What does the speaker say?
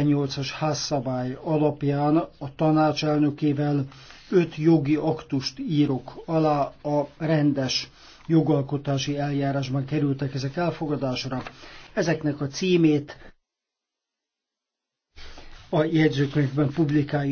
8-as házszabály alapján a tanács elnökével öt jogi aktust írok alá a rendes jogalkotási eljárásban kerültek ezek elfogadásra. Ezeknek a címét a jegyzőkönyvben publikáljuk.